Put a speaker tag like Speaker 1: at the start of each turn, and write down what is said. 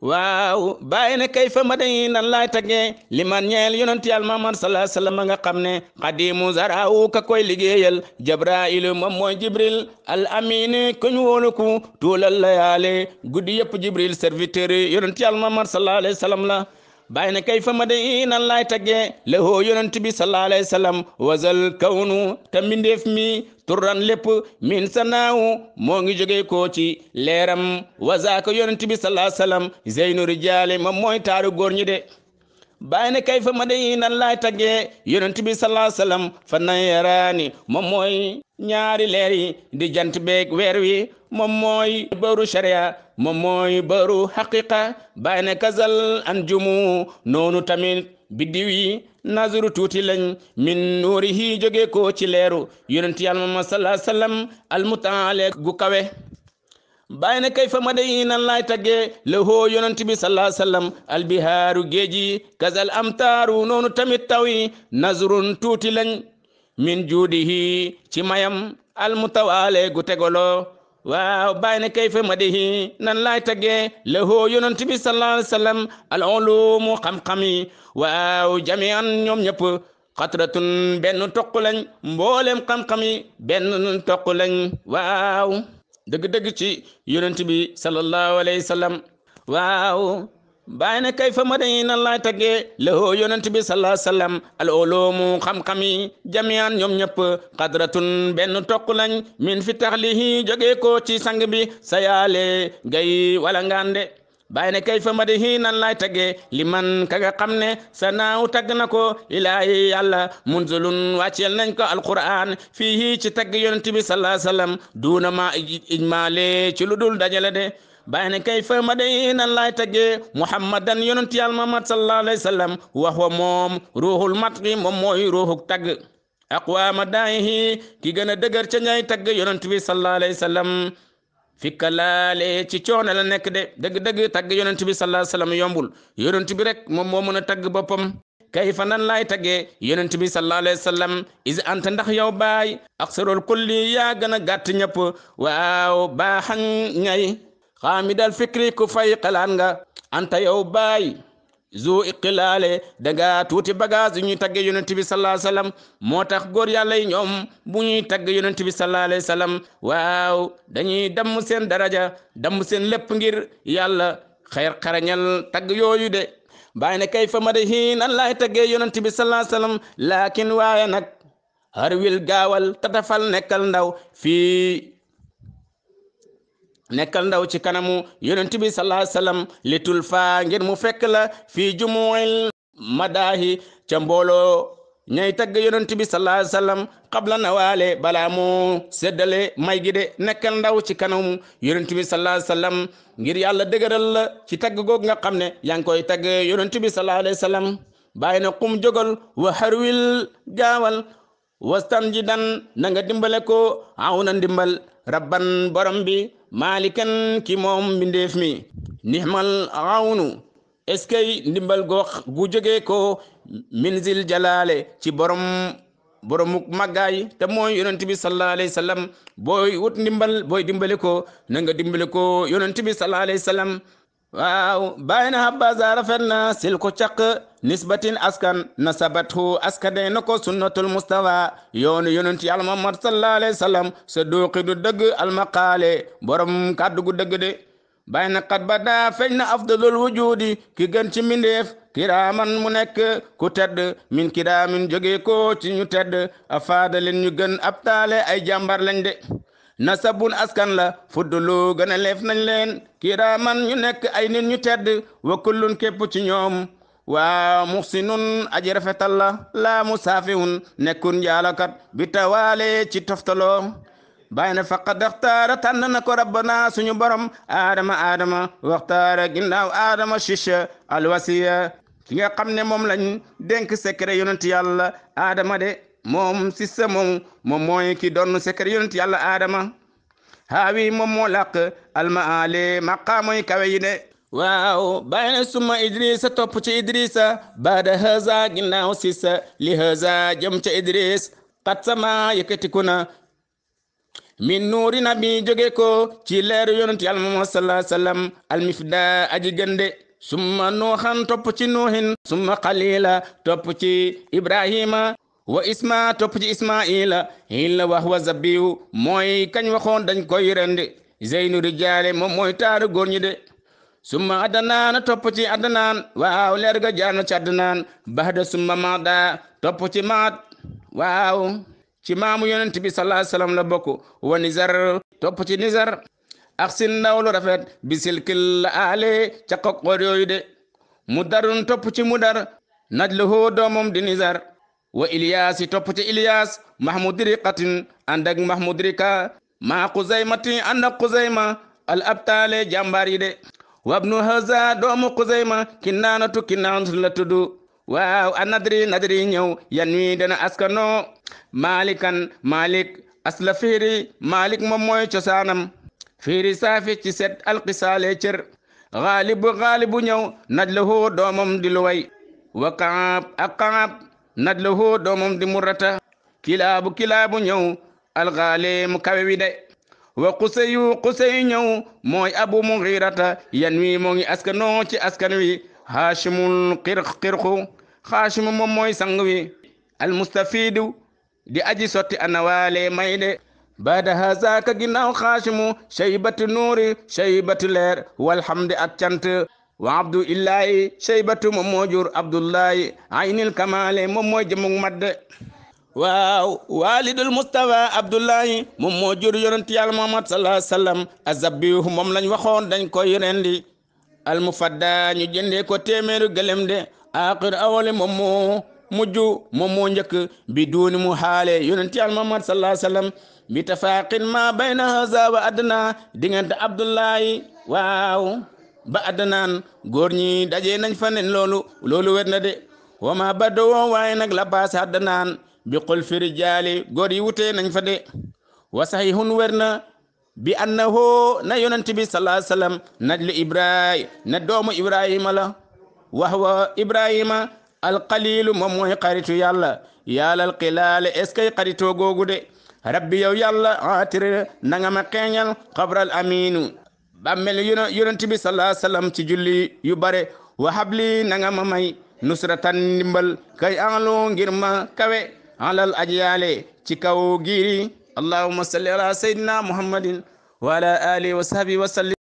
Speaker 1: waaw bàyyi ne kay fa ma dañuy nan laay tagee li man ñeel yonent yàlla Muhammad salaa sallam nga xam ne xadimu zaraawu ka koy liggéeyal jabrailu moom mooy jibril al amini kuñ wóolu ku tuulal layaale guddi yëpp jibril serviteur yonent yàlla Muhammad salaa alayhi salaam la bàyyi na kay fa ma day nan laay taggee la hoo yonent bi sallallahu alayhi wa sallam wasal kawnu te mi turan lépp min sanaawu moo ngi jógee koo ci leeram wasaaka yonent bi sallaa salaam wa sallam zeynu rijaali taaru góor ñi de bàyyi na kay fa ma day nan laay taggee yonent bi sallallahu alayhi wa fa nayaraani moom mooy ñaari leer yi di jant beeg weer wi moom mooy moom mooy baru xaqiqa bàyyi ne kazal anjumu noonu tamit biddiw yi naziru tuuti lañ min nuurihi jóge ko ci leeru yonent yàlla ma salaa sallam almutaale gu kawe bàyyi ne kay fa nan laay tagge la hoo yonent bi salaa sallam albihaaru kasal kazal amtaaru noonu tamit taw yi nazrun tuuti lañ min juudihi ci mayam almutawaale gu tegoloo waaw bàyyi na kayfa madihi nan laay taggee lahoo yonent bi sallallahu alayhi wa sallam al ulumu xam-xam yi waaw jamian ñoom ñëpp xatratun benn toq lañ mboolem xam-xam yi benn toq lañ waaw dëgg-dëgg ci yonent bi sallallahu alayhi wa waaw bàyyi na kay fa ma dañuy nan laay taggee lahoo yonent bi salaa sallam al oloomu xam-xam yi jamiaan ñoom ñëpp xadratun benn tokk lañ min fi taxlihi joge ko ci sang bi sayaale gay wala ngaande bàyyi na kay fa ma dañuy nan laay taggee li man ka nga xam ne naaw tagg na ko ilaahi yàlla munzulun wàcceel nañ ko alquran fii ci tagg yonent bi salaa sallam duuna ma ijmaale ci lu dul dajale de baana ne kay fa ma day nan laay taggee muhammadan yonent yàlla Muhammad sallallahu alayhi wa sallam wax wa moom ruuxul matxi moom mooy ruuxuk tagg aqwaama daayihi ki gën a dëgër ca ñay tagg yonent bi sallallahu alayhi wa sallam laale ci coono la nekk de dëgg-dëgg tagg yonent bi sallallahu alayhi yombul yonent bi rek moom moo mën a tagg boppam kay fa nan laay taggee yonent bi sallallahu alayhi wa sallam is anta ndax yow baay aksarul kulli yaa gën a gàtt ñëpp waaw baaxañ ñay xaamidal fikri ku fay xelaan nga anta yow baay zu iqilaale danga tuuti bagage ñuy tagge yonent bi sallallahu alayhi wasallam moo tax góor yàlla ñoom bu ñuy tagg yonent bi sallallahu alayhi wasallam waaw dañuy damm seen daraja damm seen lépp ngir yàlla xeer xarañal tagg yooyu de bàyyi ne kay fa ma de hiin an laay taggee yonent bi sallallahu alayhi wasallam laakin nag har wil gaawal tatafal nekkal ndaw fii nekkal ndaw ci kanamu yonent bi sallallahu alayhi wa fa litul ngir mu fekk la fii jumuil madaahi ca mbooloo ñay tagg yonent bi sallallahu alayhi wa sallam qabla nawaale balaa moo séddale may gi de nekkal ndaw ci kanamu yonent bi sallallahu alayhi wa sallam ngir yàlla dëgëral la ci tagg googu nga xam ne yaa ngi koy tagg yonent bi sallallahu alayhi wa na qum jógal wa harwil gaawal wastan ji dan na dimbale ko aw dimbal ndimbal rabban borom bi maalikan ki moom mbindeef mi ni awnu est-ce que ndimbal gox gu jógee ko minzil jalaale ci borom boromuk màggaay te mooy yonent tibi sallallahu alayhi wa sallam booy wut ndimbal booy dimbale ko na nga dimbale ko yonent tibi sallallahu alayhi wa sallam na habba rafet na sil ko nisbatin askan nasabathu askane na ko sunnatul mustawa yoonu yonent yàlla muhammad sallallahu alayhi wa sallam sa dooqi du dëgg almaqaale borom kàddu dëgg de bàyyi na xat ba daa feeñ na afdalul wujudi ki gën ci mbindeef kiraaman mu nekk ku tedd min kiraamin jóge ko ci ñu tedd afaada leen ñu gën ab taale ay jàmbar lañ de nasabun askan la fuddulu gën a leef nañ leen kiraaman ñu nekk ay nit ñu tedd wa kullun képp ci ñoom waa muxsinun aji rafetal la laa musaafihun nekkun njaalakat bi tawaale ci toftalo bàyyi na faqad axtaara tànn na ko rabbana suñu borom aadama aadama waxtaara gindaaw aadama shisha alwasiya ki nga xam ne moom lañu dénk secret yonent yàlla aadama de moom sissa moom mooy ki doon secret yonent yàlla aadama haawi moom moo làq almaale maqaamoy kawe yi waaw bàyyi na suma idrisa topp ci idrisa baada haza ginnaaw sisa li haza jëm ca idris xat sama yëkkatiku na min nuuri nabi jóge ko ci leeru yonent yàlla moom salaa sallam almifda aji gënde summa nuuxan topp ci nuuhin summa xalila topp ci ibrahima wa isma topp ci ismaila illa wax wa mooy kañ waxoon dañ koy rendi zeynu moom mooy taaru góor summa addanaan topp ci addanaan waaw leer ga jaar na ci addanaan baxda summa maada topp maat waaw ci maamu yonent bi la bokk wa nizar topp ci nizar lu rafet bisilkil aale ca koqoor de mu darun topp ci mu dar najluhu doomam di nizar wa ilyaas topp ci ilyaas mahmudriqatin ànd ak mahmudrika maa xuzaymatin ànd ak al abtaale jàmbaar yi de wabnu haza doomu xuzayma kinnaanatu kinnaanatu la tudd waaw a nadri nadri ñëw yan wi dana askanoo maalikan maalik asla fiiri maalik moom mooy cosaanam fiiri saafi ci set alqisaale cër xaalibu xaalibu ñëw naj la hoo doomam di luway wa kaab ak kaab naj la hoo di murata kilaabu kilaabu ñëw alxaale mu kawe wi de wa xuseyu xusey ñëw mooy abu mughirata yan wi moo ngi ci askan wi haashimul xir xirxu haashimu moom mooy sang wi almustafidu di aji sotti anawaale may de baada hazaaka ginnaaw haashimu shaybatu nuuri shaybatu leer walhamdi ak cant wa abdu illaahi shaybatu moom moo jur madde waaw waalidul Moustapha Abdullahi moom moo jur yonent yàlla Muhammad sallallahu alayhi wa sallam azabbihu moom lañ waxoon dañ koy rendi almufadda ñu jëndee ko téeméeru gëlem de aaxir awale moom moo mujj moom moo njëkk bi duuni mu xaale yonent yàlla Muhammad sallallahu alayhi wa sallam bi tafaaqin ma bayna haza wa adna diggante Abdullahi waaw ba adnaan góor ñi dajee nañ fa loolu loolu wér na de wa ma badoo waaye nag la adnaan bi xol firi jaali góor yi wutee nañ fa de wa sahihun wér na bi annahu na yonent bi salaa sallam najlu ibrahim na doomu ibrahima la wa wa ibrahima alqalilu moom mooy xaritu yàlla yàllal xilaale est ce que xaritoo googu de rabbi yow yàlla atire na ma xeeñal xabral aminu bàmmel yonent bi salaa sallam ci julli yu bare wa habli na ma may nusratan ndimbal kay anlu ngir kawe alal ajyaale ci kaw giiri allahumma salli ala sayyidina muhammadin wa ala alihi wa sahbihi wa sallim